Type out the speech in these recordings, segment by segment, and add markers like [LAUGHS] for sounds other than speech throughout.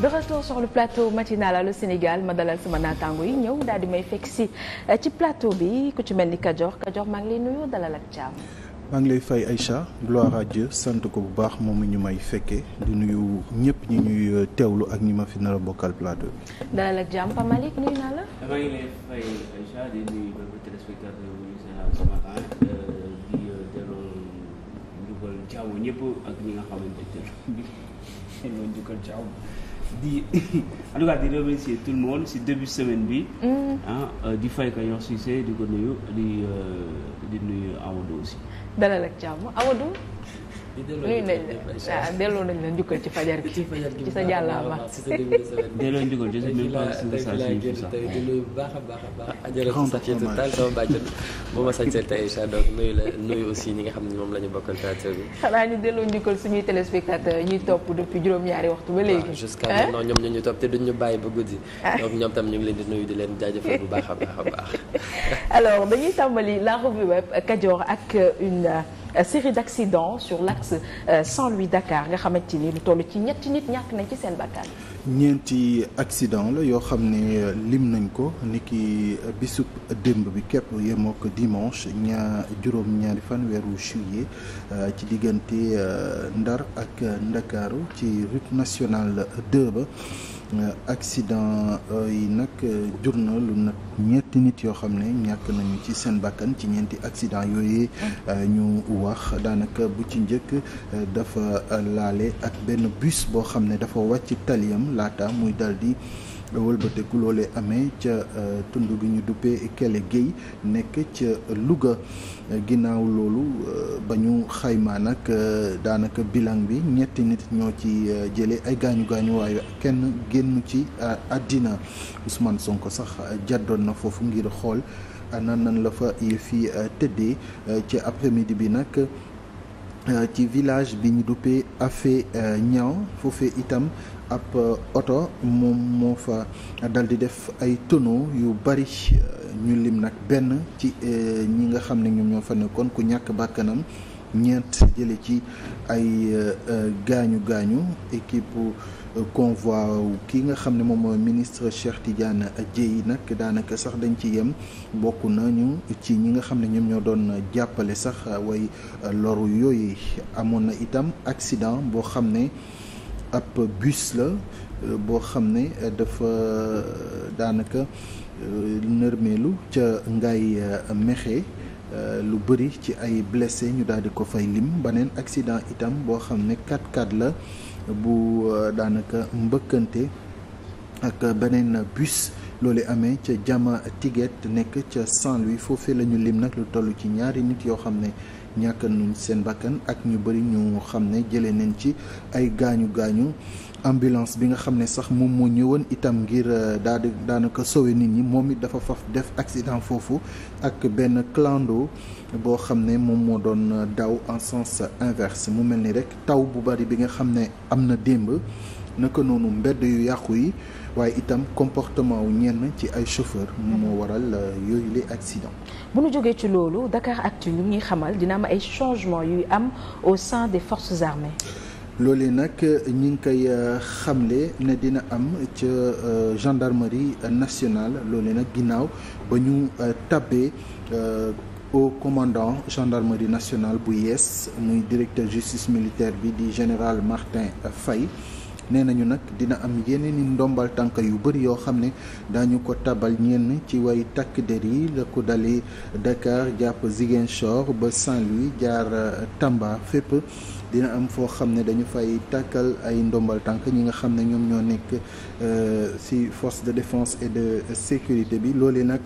de retour sur le plateau matinal le Sénégal ma dalal sama naataango yi ñëw daal di may fekk si eh, ci plateau bi ku ci mel ni Kajoor Kajoor maa ngi lay nuyu dalal ak jàmm. maa ngi lay fay Aïcha gloire à Dieu sant ko bu baax moom ñu may fekkee di nuyu ñëpp ñu ñuy euh, teewlu ak ñi ma fi nar a bokkal plateau dalal ak jàmm Pa nuyu naa la. maa ngi euh, euh, ak ñi nga xamante ne. [LAUGHS] di [LAUGHS] en tout cas di remercier tout le si début semaine bi. Mm. ah euh, di fay ko yor Cissé di ko nuyu di euh, nuyu Amadou aussi. dalal ak jàmm Amadou. nuyu nañ la delloo nañ la njukkal ci fajar gi ci sa jàllaama delloo njukkal ci sa même pas ci sa eh? sa tey di bu baax a baax a baax ajaratu Safiatou ma sañsel tey Aïcha donc nuyu la nuyu aussi ñi nga xam ne moom ñu topp ba léegi jusqu'à te duñ bàyyi ba guddi donc ñoom tam ñu leen di nuyu di leen jaajëfal bu baax a baax a baax alors dañuy tàmbali la revue web Kajoor ak une Euh, série d' accident sur l' axe euh, Saint-Louis Dakar nga xamante ni lu toll ci ñetti nit ñàkk nañ ci seen bakkan. ñeenti accident la yoo xam ne euh, lim nañ ko niki bisub démb bi képp yemoo ko dimanche ñaa juróom-ñaari fan juillet ci diggante Ndar ak Ndakaaru ci route nationale 2 ba. Euh, accident euh, yi nag euh, jur na lu nag ñetti nit yoo xam ne ñàkk nañu ci seen bàkkan ci ñeenti accident yooyu ñu wax daanaka bu ci njëkk dafa laale ak benn bus boo xam ne dafa wàcc taliyam laata muy daldi wëlbateku loolee amee ca euh, tund gi ñu duppee Kelle Guèye nekk ca Louga ginnaaw loolu euh, ba ñu xayma nag euh, daanaka bilan bi ñetti nit ñoo ci jëlee ay gaañu gaañu waaye kenn génn ci àddina Ousmane Sonko sax jàddoon na foofu ngir xool nan nan la fa fii tëddee ci après-midi bi nag ci village bi ñu duppee Afé ñaw foofe itam ab euh, oto moom moo fa dal def ay tonneaux yu bari euh, ñu lim nag benn ci euh, ñi nga xam ne ñoom ñoo fa nekkoon ku ñàkk bàkkanam ñeent jële ci ay gaañu gaañu équipe convoi ki nga xam ne moom mooy ministre Cheikh Tidiane Dièye nag daanaka sax dañ ci yem bokk nañu ci ñi nga xam ne ñoom ñoo doon jàppale sax way loru yooyu amoon na itam accident boo xam ne ab buse la euh, boo xam ne euh, dafa euh, daanaka nërmeelu ca ngay mexe lu bëri ci ay blessé ñu daal di ko fay lim beneen accident itam boo xam ne 4 x la bu daanaka mbëkkante ak beneen bus loolu amee ca jama tiget nekk ca Saint-Louis foofee la ñu lim nag lu toll ci ñaari nit yoo xam ne ñàkk nuñ seen bakkan ak ñu bëri ñu xam ne jëlee nañ ci ay gaañu gaañu ambulance bi nga xam ne sax moom moo ñëwoon itam ngir euh, daa daanaka sowe nit ñi moom it dafa faf def accident foofu ak benn clando boo xam ne moom moo doon euh, daw en sens inverse mu mel ni rek taw bu bari bi nga xam ne am na démb naka noonu mbedd yu yàqu yi waaye itam comportement wu ñenn ci ay chauffeur moom moo waral euh, yooyu les accidents bu ñu jógee ci loolu Dakaractu ñu ngi xamal dina am ay changements yuy am au sein des forces armées loolee nag euh, ñi ngi koy euh, xamle ne dina am ca gendarmerie nationale loolee nag ginnaaw ba ñu tabbee au commandant gendarmerie nationale bu yees muy directeur justice militaire bi di général Martin fay nee nañu nag dina am yeneen ndombal tànk yu bëri yoo xam ne daañu ko tabal ñenn ci way takk der yi la ko dalee Dakar jàpp Ziguinchor ba saint jaar euh, Tamba fépp dina am foo xam ne dañu fay tàkkal ay ndombal tànk ñi nga xam ne ñoom ñoo nekk euh, ci force de défense et de sécurité bi loolee nag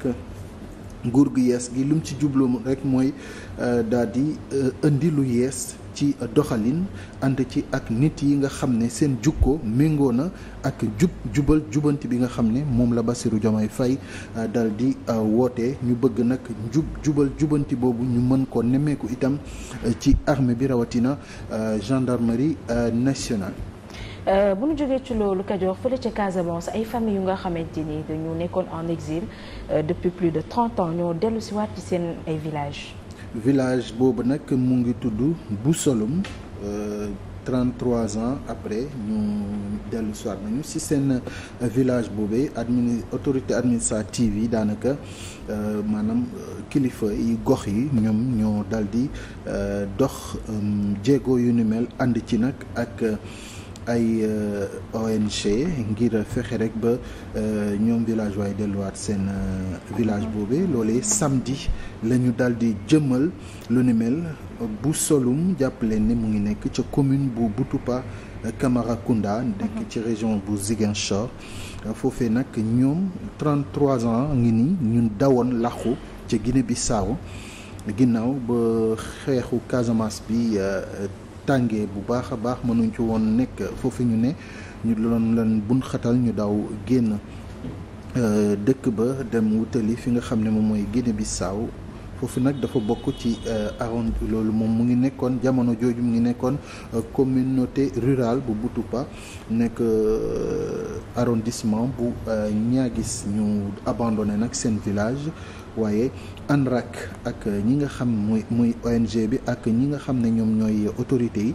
nguur gu yees gi lu mu ci jublu rek mooy euh, daal di indi lu yees ci doxalin ànd ci ak nit yi nga xam ne seen jukko méngoo na ak jub jubal jubanti bi nga xam ne moom la basiru Diomaye fay euh, dal di euh, woote ñu bëgg nag jub jubal jubanti boobu ñu mën ko nemmeeku itam euh, ci armée bi rawatina gendarmerie nationale bu ñu jógee ci loolu Kajoor fële ca Casamance ay famille yu nga xamante ni dañu nekkoon en exil depuis plus de trente ans ñoo dellu si waat ci seen ay village village boobu nag mu ngi tudd Bousolum 33 euh, ans après ñu dellu soir nañu ci seen euh, village boobee admini autorité administrative yi daanaka euh, maanaam kilifa yi gox yi ñoom ñoo daldi dox jéego yu ni mel ànd ci nag ak. ay euh, ONG ngir fexe rek ba euh, ñoom village waaye delluwaat seen euh, village boobe loole samedi la ñu daal di jëmmal lu ni mel bu solum jàppale leen ne mu ngi nekk ca commune bu Boutoupa Camaracounda nekk mhm. ci région bu Ziguinchor foofee nag ñoom 33 ans ngi ni ñun dawoon laxu ca Guinée Bissau ginnaaw ba xeexu Casamance bi tàngee bu baax a baax mënuñ ci woon nekk foofu ñu ne ñu doon leen bun xatal ñu daw génn euh, dëkk ba dem wutali fi nga xam ne moom mooy bi saaw foofu nag dafa bokk ci euh, arrond loolu moom mu ngi nekkoon jamono jooju mu ngi nekkoon euh, communauté rural bu Butupa nekk arrondissement bu euh, Niaguis ñu abandonné nag seen village waaye ANRAC ak euh, ñi nga xam muy ONG bi ak ñi nga xam ne ñoom ñooy autorités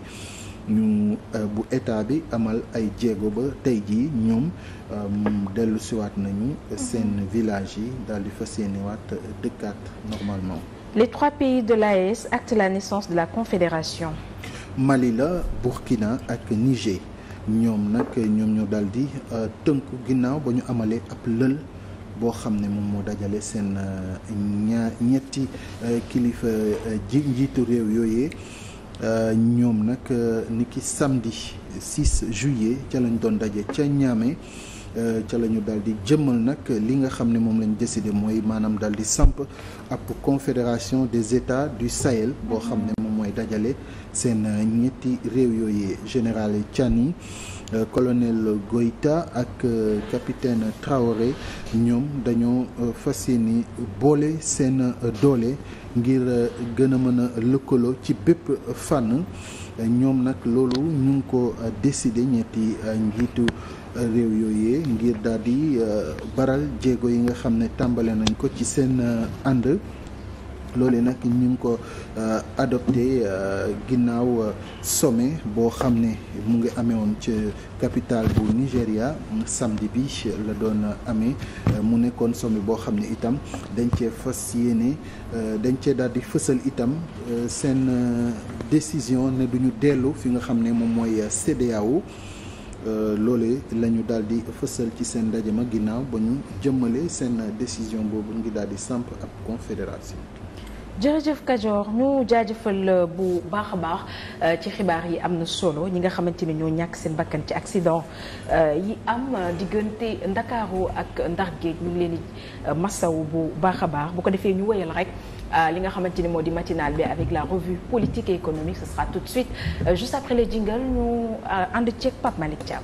yi euh, bu état bi amal ay jéego ba tey jii ñoom dellu siwaat nañu seen mhm. village yi daal di fas yéenewaat dëkkaat normalement. les trois pays de l'AES actent la naissance de la confédération. malila la Burkina ak Niger. ñoom nag ñoom ñoo daal di euh, tënku ginnaaw ba ñu amalee ab lël boo xam ne moom moo dajale seen euh, ñaar ñetti euh, kilifa ji njiitu réew yooyee ñoom nag ni ki samedi 6 juillet ca lañ doon daje ca Niamey ca la ñu daal di jëmmal nag li nga xam ne moom lañ décidé mooy maanaam daal di samp ab confédération des états du Sahel boo xam ne dajale seen euh, ñetti réew yooyu général Tiani euh, colonel Goïta ak euh, capitaine Traoré ñoom dañoo fas yéene boole seen doole ngir gën a mën a lëkkaloo ci bépp fànn ñoom nag loolu ñu ngi ko décidé ñetti njiitu réew yooyee ngir daal di baral jéego yi nga xam ne tàmbale nañ ko ci seen ànd. loole nag ñu ngi ko euh, adopté euh, ginnaaw euh, sommet boo xam ne mu ngi amee woon capital capitale bu Nigéria samedi bi la doon amee mu nekkoon sommet boo xam ne itam dañ cee fas yéene dañ cee daal di fësal itam seen décision ne ñu dellu fi nga xam ne moom mooy CEDEAO Euh, loolee la ñu daal di fësal ci seen ndaje ma ginnaaw ba ñu jëmmale seen décision boobu ñu ngi daal di samp ak confédération jërëjëf Kajoor ñu jaajëfal euh, bu baax a baax euh, ci xibaar yi am na solo ñi nga xamante ni ñoo ñàkk seen bakkan ci accident euh, yi am diggante Ndakaaru ak ndax Géej ñu ngi leen di masaw bu baax a baax bu ko defee ñu wéyal rek li nga xamante ni moo di matinal bi avec la revue politique et économique ce sera tout de suite juste après le jingle ñu ànd ceeg Pape Malick Thiam